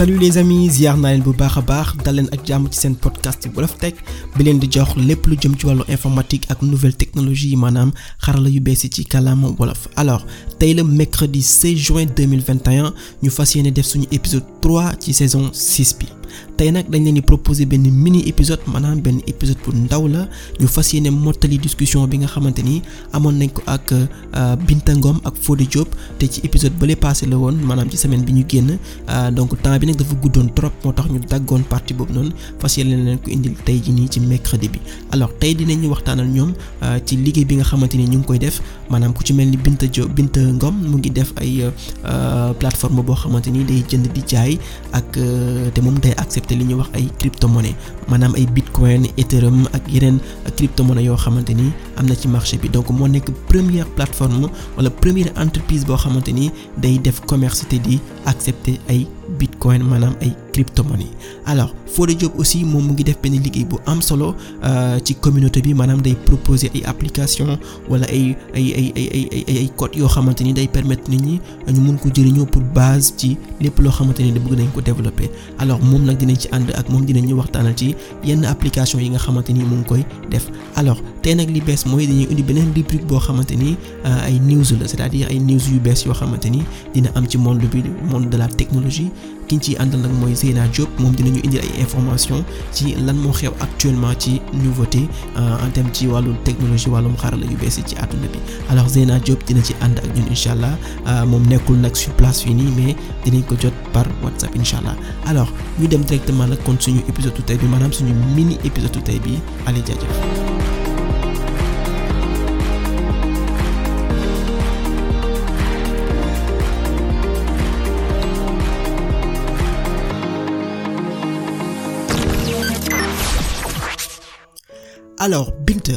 salut les amis ziar leen bu baax a baax dal leen ak jàmm ci seen podcast Wolof teg bi leen di jox lépp lu jëm ci wàllu informatique ak nouvelle technologie yi maanaam xarala yu bees yi ci kàllaama wolof alors tey la mercredi 16 juin 2021 ñu fas yéene def suñu épisode 3 ci saison 6 bi tey nag dañu leen di proposer benn mini épisode maanaam benn épisode bu ndaw la ñu fas yéene mottali discussion bi nga xamante ni amoon nañ ko ak euh, Binta Ngom ak Fodé Diop te ci épisode bële passé la woon maanaam ci semaine bi ñu génn euh, donc temps bi nag dafa guddoon trop moo tax ñu daggoon partie boobu noonu fas yéene leen ko indi tey ji nii ci mercredi bi alors tey dinañu waxtaanal ñoom euh, ci liggéey bi nga xamante ni ñu ngi koy def. maanaam ku ci mel ni Binta Jo bint Ngom mu ngi def ay euh, plateforme boo xamante ni day jënd di jaay ak euh, te moom day accepter li ñuy wax ay crypto maanaam ay bitcoin Ethereum ak yeneen crypto monnaie yoo xamante nii am na ci marché bi donc moo nekk première plateforme wala première entreprise boo xamante ni day def commerce te di accepter ay bitcoin maanaam ay cryptomonnaies alors Fodé Diop aussi moom mu ngi def benn liggéey bu am solo euh, ci communauté bi maanaam day proposer ay application wala ay ay ay ay ay ay code yoo xamante ni day permettre nit ñi ñu mun ko jëriñoo pour base ci lépp loo xamante ni bëgg nañ ko développer alors moom nag dinañ ci ànd ak moom dinañ ñu waxtaanal ci yenn application yi nga xamante ni mu ngi koy def bees mooy dañuy indi beneen rubrique boo xamante ni euh, ay news la c'est-à-dire ay news yu bees yoo xamante ni dina am ci monde bi monde de la technologie ki ci ciy àndal nag mooy Zeyna Diop moom dinañu indil ay information ci lan moo xew actuellement ci nouveauté euh, en terme ci wàllu technologie wàllum xarala yu bees yi ci àdduna bi alors Zeyna Diop dina ci ànd ak ñun incha allah euh, moom nekkul nag sur place fii nii mais dinañ ko jot par WhatsApp incha allah alors ñu dem directement nag kon suñu épisode tey bi maanaam suñu mini épisode tey bi allez jaajëf alors Binta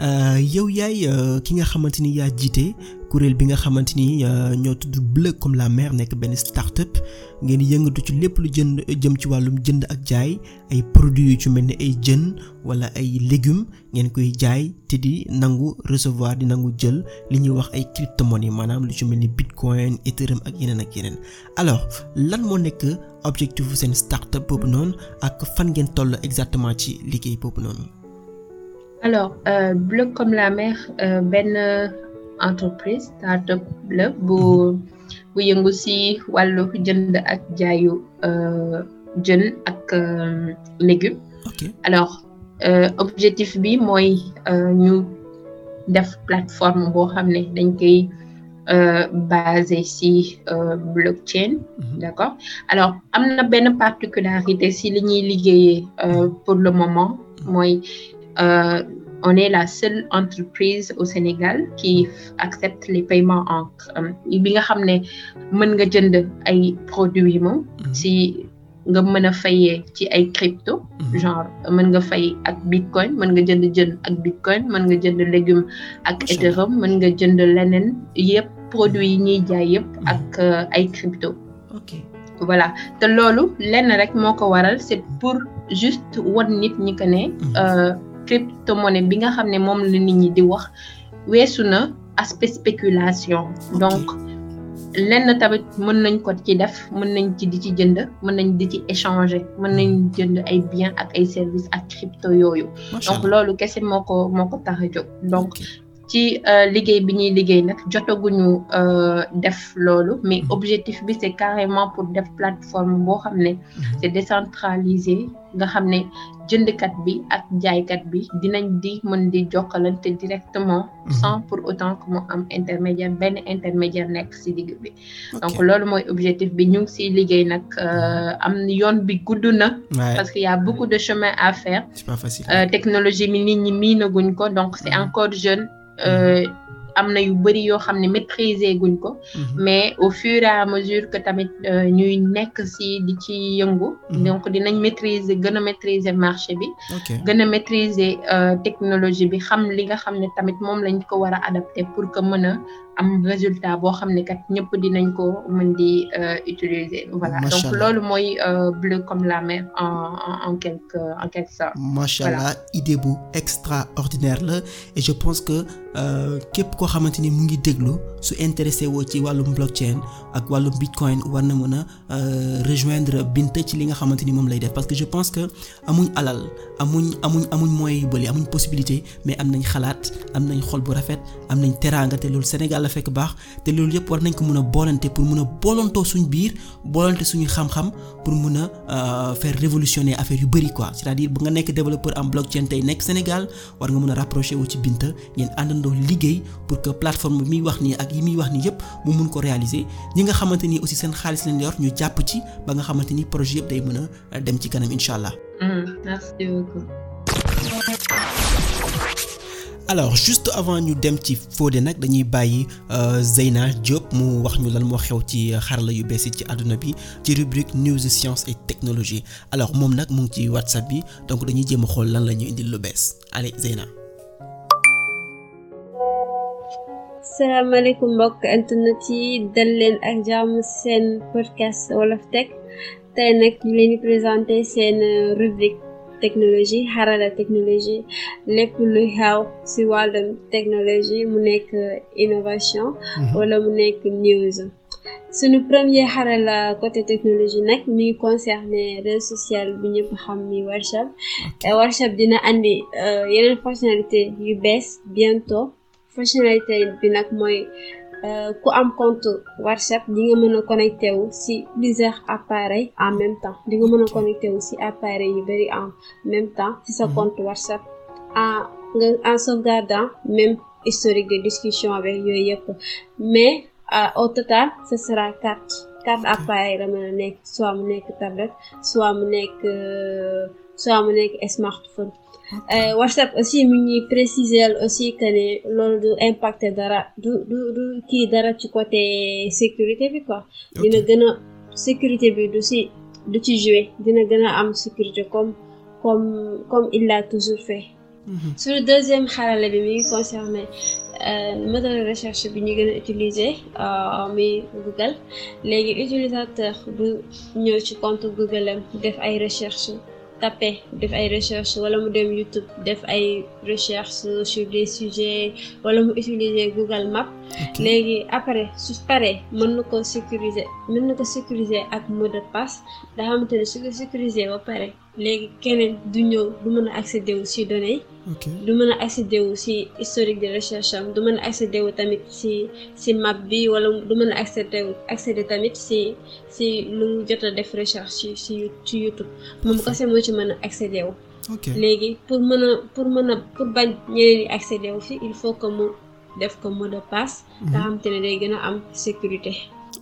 euh, yow yaay euh, ki nga xamante ni yaa jiite kuréel bi nga xamante ni euh, ñoo tudd Bleu comme la mer nekk benn start-up ngeen yëngatu ci lépp lu jënd jëm ci wàllum jënd ak jaay ay produits yu ci mel ni ay jën wala ay légumes ngeen koy jaay te di nangu recevoir di nangu jël li ñuy wax ay cryptomonnaies maanaam lu ci mel ni bitcoin ethereum ak yeneen ak yeneen alors lan moo nekk objectif seen start-up noonu ak fan ngeen toll exactement ci liggéey boobu noonu. alors euh, Bleu comme la mer euh, benn euh, entreprise startup la bu bu yëngu si wàllu jënd ak jaayu euh, jën ak légumes. ok alors objectif bi mooy ñu def plateforme boo xam ne dañ koy basé si blockchain. Mhm. d'accord alors am na benn particularité si li ñuy liggéeyee pour le moment mhm. mooy. Euh, on est la seule entreprise au Sénégal qui accepte les paiements en euh, bi nga xam ne mën nga jënd ay produits moom mhm. si nga mën a fayee ci ay crypto mhm. genre mën nga fay ak bitcoin mën nga jënd jënd ak bitcoin mën nga jënd légume ak ethereum mën nga jënd leneen yëpp produits yi ñuy jaay yëpp mhm. ak euh, ay crypto voilà te loolu lenn rek moo ko waral c'est pour juste wan nit ñi ko ne euh, crypto-monnaie bi nga xam ne moom la nit ñi di wax weesu na aspect spéculation donc lenn tamit mën nañ ko ci def mën nañ ci di ci jënd mën nañ di ci échangé mën nañ jënd ay biens ak ay services ak crypto yooyu donc loolu kese moo ko moo ko tax a jóg donc ci euh, liggéey bi ñuy liggéey nag jotaguñu euh, def loolu mais mm-hmm. objectif bi c'est carrément pour def plateforme boo xam ne mm-hmm. c'est décentralisé nga xam ne jëndkat bi ak jaaykat bi dinañ di mën di jokkalante directement mm-hmm. sans pour autant que mu am intermédiaire benn intermédiaire nekk ci digg bi donc loolu mooy objectif bi ñu ngi ciy liggéey nag euh, am yoon bi gudd na parce que y a beaucoup de chemin à faire c'est technologie mi nit ñi miinaguñ ko donc c'est encore jeune Euh, mhm. am na yu bëri yoo xam ne maîtriser guñ ko mhm. mais au fur et à mesure que tamit euh, ñuy nekk si di ci yëngu mhm. donc dinañ maîtriser gën maîtriser marché bi gën a maîtriser euh, technologie bi xam li nga xam ne tamit moom lañ ko war a adapté pour que mën a am résultat boo xam ne kat ñëpp dinañ ko mën di euh, utiliser. voilà donc loolu mooy euh, bleu comme la mer en en en quelque en quelque macha allah idée bu extraordinaire la et je pense que euh, képp koo xamante ni mu ngi déglu su intéressé woo ci wàllum blockchain ak wàllum bitcoin war na mën a rejoindre Binta ci li nga xamante ni moom lay def parce que je pense que amuñ alal amuñ amuñ amuñ moyens yu bëri amuñ possibilité mais am nañ xalaat am nañ xol bu rafet am nañ teraangate te loolu Sénégal la fekk baax te loolu yëpp war nañ ko mën a boolante pour mën a boolantoo suñ biir boolante suñu xam-xam pour mën a euh, faire révolutionner affaire yu bëri quoi c'est-à-dire nga nekk développeur en blockchain tey nekk Sénégal war nga mën a rapproché wu ci Binta ngeen àndandoo liggéey pour que plateforme bi muy wax nii ak yi muy wax nii yëpp mu mën ko réaliser ñi nga xamante ni aussi seen xaalis lañ yor ñu jàpp ci ba nga xamante ni projet yëpp day mën a euh, dem ci kanam incha allah. Mm-hmm. alors juste avant ñu dem ci Fodé nag dañuy bàyyi euh, Zeyna Diop mu wax ñu lan moo xew ci xarla yu bees yi ci àdduna bi ci rubrique news science et technologie alors moom nag mu ngi ci whatsapp bi donc dañuy jéem xool lan la ñu indil lu bees allez Zeyna. salaamaaleykum mbokk internet yi dal leen ak jàmm seen podcast Wolof Tech tey nag ñu leen di seen rubrique. technologie xarala technologie lépp lu xew ci wàllum technologie mu nekk innovation mhm. wala mu nekk news suñu premier xarala côté technologie nag mi ngi concerné réseau social bi ñëpp xam ni workshop workshop dina andi euh, yeneen fonctionnalité yu bees bientôt fonctionnalité bi nag mooy Euh, ku am compte WhatsApp di nga mën a connecté wu si plusieurs appareils en même temps di nga mën a connecté wu si appareils yu bëri en même temps si sa mhm. compte WhatsApp en nga en sauvegardant même historique de discussion avec yooyu yëpp mais euh, au total ce sera quatre quatre appareils la mën a nekk soit mu nekk tablette soit mu nekk. Euh, soit mu nekk smartphone. Euh, WhatsApp aussi mi ñuy préciser aussi que ne loolu du impacter dara du du kii dara ci côté sécurité bi quoi. dina gën a sécurité bi du si du ci jouer dina gën a am sécurité comme comme comme il l'a toujours fait. Mhm. sur le deuxième xarale bi mi ngi concerné moteur de recherche bi ñu gën a utiliser euh, muy Google léegi utilisateur du ñëw ci compte Google am def ay recherche tapé def ay recherche wala mu dem YouTube def ay recherche sur des sujets wala mu utiliser Google Maps léegi après su paree mën na ko sécuriser mën na ko sécuriser ak mot de passe nga xamante ne su sécuriser ba pare léegi keneen du ñëw du mën a accéder wu si données yi du mën a accéder wu si historique de recherche am du mën a accéder tamit si si map bi wala du mën a accéder wu accéder tamit si si lu mu jot a def recherche si ci YouTube moom kese moo ci mën a accéder wu léegi pour mën a pour mën a pour bañ ñeneen yi accéder wu fi il faut que mu def ko mot de passe mhm. nga xam te ne day gën a am sécurité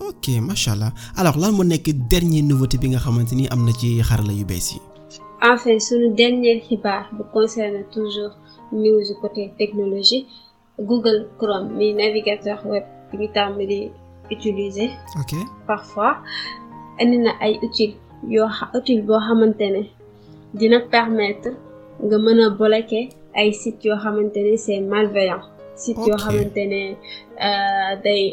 ok macha allah alors lan mu nekk dernier nouveauté bi nga xamante ni am na ci xarala yu bees yi enfin suñu dernier xibaar bu concerne toujours news côté technologie Google Chrome mi navigateur web bi ñu tàmm di utiliser. ok parfois indi na ay outils yoo xa utile boo xamante ne dina permettre nga mën a bloquer ay sites yoo xamante ne c'est malveillant. site yoo xamante ne euh, day.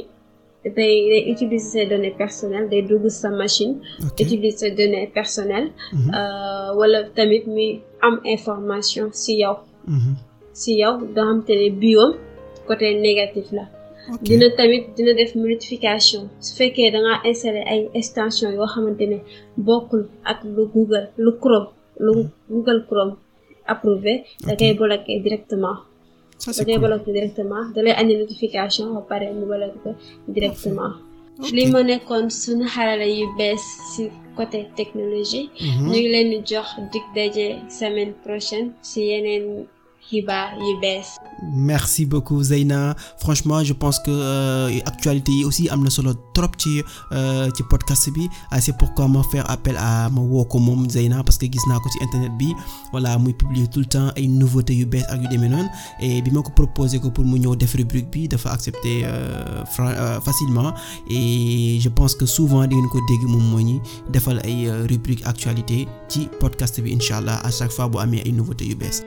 tey day utiliser ses données personnelles day dugg sa machine. utiliser ses données personnelles. Mhm. Euh, wala tamit muy am information si yow. si mhm. yow doo xam te ne biome côté négatif la. dina tamit dina def notification su fekkee da ngaa ay extension yoo xamante ne bokkul ak lu Google lu Chrome lu mhm. Google Chrome approuvé da koy directement. ça c'est cool da ngay bloqué directement da lay notification ba pare mu bloqué ko directement. li ma nekkoon suñu xarala yu bees si côté technologie. Mhm. ñu ngi leen di jox dig daje semaine prochaine si yeneen. xibaar yu bees. merci beaucoup Zeyna franchement je pense que euh, actualité yi aussi am na solo trop ci euh, ci podcast bi ah, c'est pourquoi ma faire appel à ma woo ko moom Zeyna parce que gis naa ko ci internet bi voilà muy publier tout le temps ay nouveautés yu bees ak yu demee noonu et bi ma ko proposé ko pour mu ñëw def rubrique bi dafa accepter euh, euh, facilement et je pense que souvent di ngeen ko dégg moom mooy ñi defal ay rubrique actualité ci podcast bi incha allah à chaque fois bu amee ay nouveautés yu bees.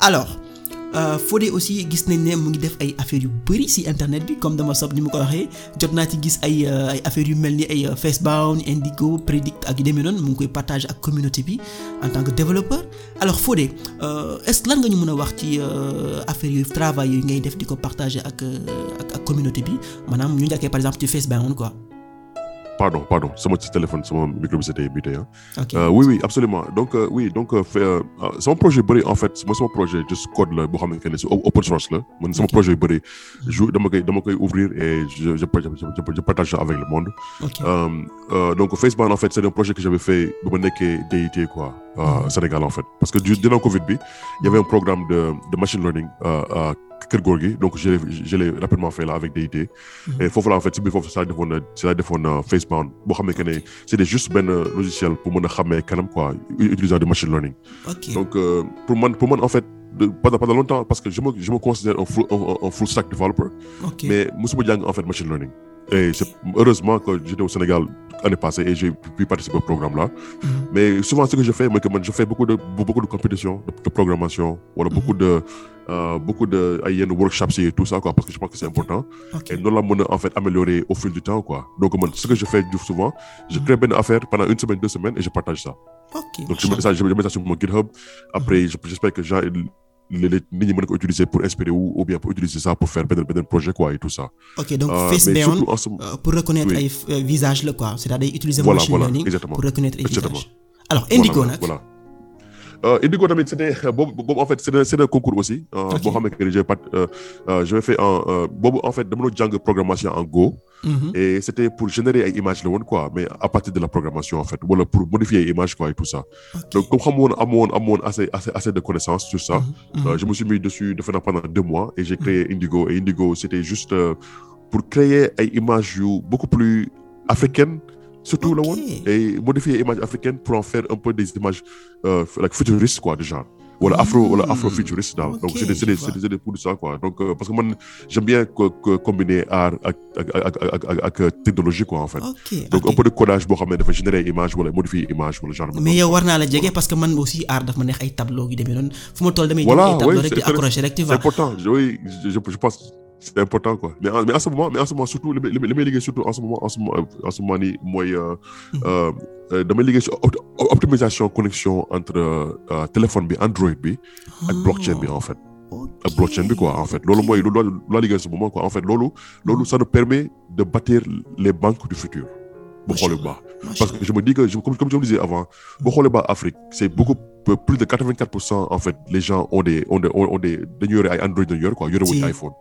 alors Uh, Fodé aussi gis nañ ne mu ngi def ay affaires yu bari ci internet bi comme dama sob ni ma ko waxee jot naa ci gis ay euh, ay affaires yu ni ay euh, Facebound Indigo Predict ak yu demee noonu mu ngi koy partage ak communauté bi en développeur alors Fodé uh, est nga ñu mën a wax ci euh, affaires yu travail yooyu ngay def di ko partager ak ak ak communauté bi maanaam ñu njëkkee par exemple ci Facebound quoi. pardon pardon sama ci téléphone sama micro bi c'était buté ah. ok euh, oui oui absolument donc euh, donc euh, euh ah, projet bëri en fait mooy sama projet juste code la boo xam ne c'est open source la man sama projet yu bëri mhm. jour dama koy dama koy ouvrir et je je je partage ça avec le monde. ok euh, euh, donc Faceban en fait c'est un projet que j'avais fait bu ma nekkee DIT quoi. Mhm. Sénégal en fait parce que du dina Covid bi il y avait un programme de machine learning. kër góor gi donc je l'ai je l'ai rapidement fait là avec DIT et mhm. foofu la en fait si biir foofu si laa defoon euh, Facebound boo xam ne que ne c'était juste benn logiciel pour mën a xàmmee kanam quoi utilisant du machine learning donc euh, pour man pour man en fait pendant pendant parce que je me je me considère un full un, un mais musuma jàng en fait machine learning et heureusement que j'étais au Sénégal l'année passée et j'ai pu participer au mm-hmm. Mais souvent, ce que je fais, moi, je fais beaucoup de, beaucoup de programmation, voilà, beaucoup mm-hmm. de, euh, beaucoup de, et tout ça, parce que je pense que c'est important. Et nous l'avons, en fait, amélioré au fil du temps, quoi. Donc, moi, ce que je fais je crée une mm-hmm. affaire pendant une semaine, deux semaines et je partage ça. Donc, je mets ça, je mets ça sur mon j'espère que j'ai léeg-léeg nit ñi utiliser pour espérer wu ou bien pour utiliser ça pour faire benn benn projet quoi et tout ça. ok donc euh, face pour reconnaître ay visage la quoi c'est-à-dire utiliser machine learning pour reconnaître ay visage alors Indigo nag Euh, indi ko tamit c'était euh, boobu boobu en fait c'est un c'est un concours aussi. Euh, boo xamante ne j'ai pas je fais un en fait dama doon programmation en Go. Mhm. et c'était pour générer ay images la woon quoi mais à partir de la programmation en fait wala pour modifier ay images quoi tout ça. donc comme xam woon assez de connaissances sur ça. Mhm. Mhm. je me suis mis dessus defe pendant deux mois et j'ai créé Indigo et Indigo c'était juste pour créer ay images yu beaucoup plus africaines. surtout la woon et modifier image africaine pour en faire un peu des images euh, futuristes quoi de genre wala hmm. afro wala daal donc parce que man j'aime combiner art ak technologie quoi en fait. donc un peu de codage boo xam ne dafa générer image wala modifier image wala genre. mais yow war la jege parce que man aussi art dafa ma neex ay tableau yu demee fu ma toll damay. voilà oui c'est important je pense. c'est important quoi mais en mais en ce moment mais en ce moment surtout liggéey surtout en ce moment en ce moment nii mooy euh, mhm. euh, euh, damay liggéey optimisation connexion entre téléphone bi Android bi ak blockchain bi en fait. ak blockchain bi quoi en fait loolu mooy loolu laa liggéey en ce moment quoi en fait loolu loolu mhm. ça permet de bâtir les banques du futur. boo xoolee bu baax parce que je me dis que comme comme je le avant xoolee bu baax Afrique c'est plus de 84 pour cent en fait les gens ont des ont des ont des dañu yore ay Android dañu yore quoi yorewuñu iPhone.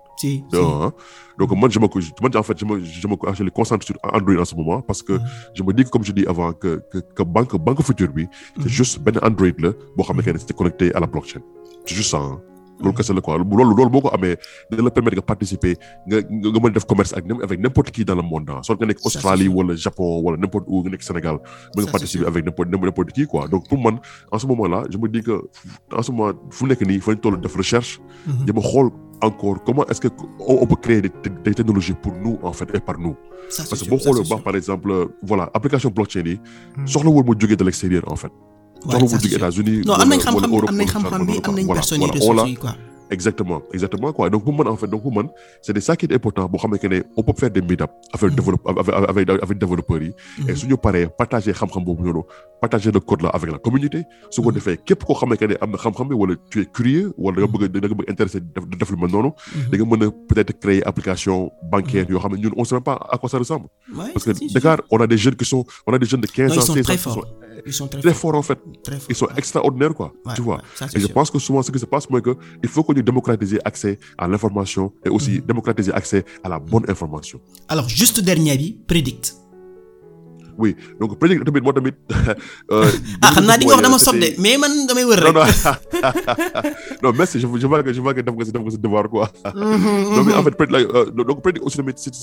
donc man je me man en fait je me concentre sur Android en ce moment parce que mm. je me dis que comme je dis avant que banque banque future bi. c'est mm. juste benn Android la boo xam mm. ne que c'est connecté à la blockchain c'est juste ça. loolu kese la quoi loolu boo ko amee dina la permettre nga participer nga nga mën def commerce ak avec n'importe qui dans le monde ah nga nekk Australie wala Japon wala n'importe où nga nekk Sénégal nga participer avec n'importe n'importe donc pour man en ce moment là je me dis que en ce moment fu nekk nii fa ñu toll def recherche jëm mhm. a xool encore comment est-ce que on créer des, des pour nous en fait et par nous parce que boo xoolee baax par exemple euh, voilà application blockchain hmm. en fait soxlawul am nañ xam-xam am nañ xam exactement exactement quoi donc bu en fait donc bu mën de ça qui est important boo xamante ne on peut faire des meet-up avec mm. yi mm. et suñu paree partager xam-xam boobu noonu partager le code là avec la communauté su ko mm. defee képp koo xamante ne am na xam-xam wala tu es wala da nga intéressé def lu mel noonu mm-hmm. da nga a peut-être créer application bancaire yoo xam ne on sait même pas à quoi ils sont très, très forts. forts en fait. ils sont extraordinaires quoi. je pense que souvent ce qui se passe mooy que il faut que ñu démocratiser accès à l'information et aussi mhm. démocratiser accès à la bonne information. alors juste dernier bi predict. oui donc projet tamit moo tamit. Euh, ah xam naa di nga wax dama sob de mais man damay wër rek. non non merci je je vois que def nga def nga mhm, mhm. en fait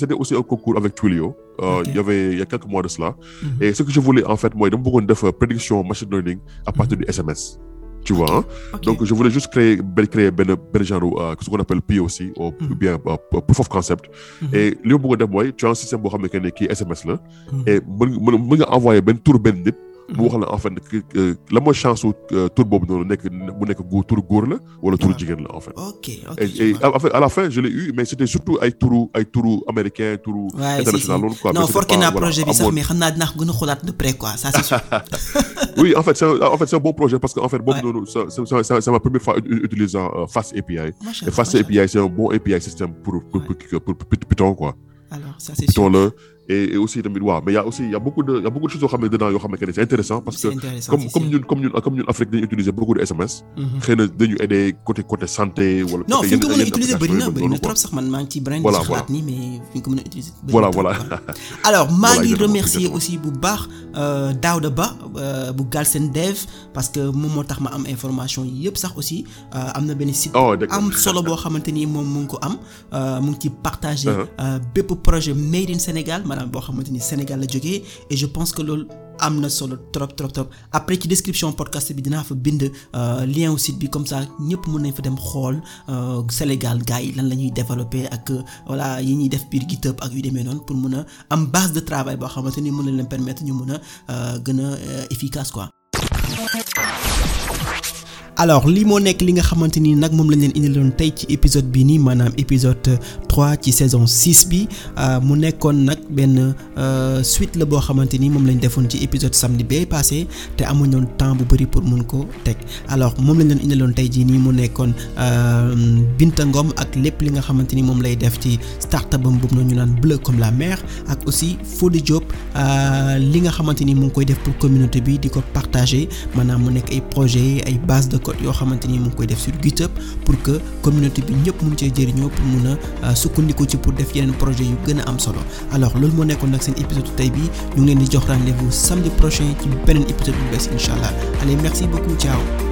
euh, avec Twilio. Euh, il y avait il y a mhm. ce que je en fait mooy dama bëggoon def prédiction machine learning à partir du SMS. tu vois hein? Okay. donc je voulais juste créer benn benn genre euh, ce qu'on appelle aussi mhm. ou bien euh, euh, proof of concept mhm. et li ma bëgg mooy tu as un système boo xam ne ne kii SMS la mhm. et mën mën mën nga envoyer benn tour benn nit mu wax la en fait la mooy chance su euh, tur boobu noonu nekk nekk góor tur la wala tur ah. jigéen la en ok ok et la fin je l'ai eu mais c'était surtout ay turu américain turu. international loolu quoi. non forke naa projet bi sax mais dinaa ko gën a de près quoi c'est un bon projet parce que en fait boobu noonu c'est ma première fois utilisant euh, Fast API. c'est un bon API système pour pour quoi. alors la. et, et aussi tamit waaw mais y' a aussi y' a beaucoup de y' a beaucoup de choses yoo xam ne dedans yoo xam ne c'est intéressant parce que comme comme ñun comme ñun comme ñun Afrique dañuy utiliser beaucoup de SMS. Mhm. xëy na dañu aider côté côté santé. wala non fi ñu ko mën a utiliser bëri na bëri na trop sax man maa ngi a remercier bu baax euh, Daouda Ba euh, bu Galsen Dev parce que moom moo tax ma am information yi sax aussi euh, am na benn site. Oh, am solo boo xamante ni moom mu ko am mu ngi ci uh-huh. bépp projet made Sénégal boo xamante ni Sénégal la jógee et je pense que loolu am na solo trop trop trop après ci description podcast bi dinaa fa bind euh, lien au site bi comme ça ñëpp mun nañ fa dem xool euh, Sénégal gars yi lan la ñuy développer ak euh, voilà yi ñuy def biir GitHub ak yu demee noonu pour mun a am base de travail boo xamante ni mën na leen permettre ñu mun a gën a efficace quoi. alors li moo nekk li nga xamante ni nag moom lañ leen indiloon tey ci épisode bi nii maanaam épisode trois ci saison 6 bi euh, mu nekkoon nag benn euh, suite la boo xamante ni moom lañ defoon ci épisode samedi bee passé te amuñoon temps bu bëri pour mun ko teg alors moom lañ leen indiloon tey jii nii mu nekkoon euh, Binta Ngom ak lépp li nga xamante ni moom lay def ci start-up am boobu na ñu naan bleu comme la mer ak aussi Fodé Diop li nga xamante ni mu ngi koy def pour communauté bi di ko partage maanaam mu nekk ay projet ay base de yoo xamante ni mu ngi koy def sur GitHub pour que communauté bi ñëpp mun cee jëriñoo pour mun a euh, sukkandiku ci pour def yeneen projet yu gën a am solo alors loolu moo nekkoon nag seen épisode tey bi ñu ngeen di jox rendez-vous samedi prochain ci beneen épisode bu bees incha allah allez merci beaucoup ciao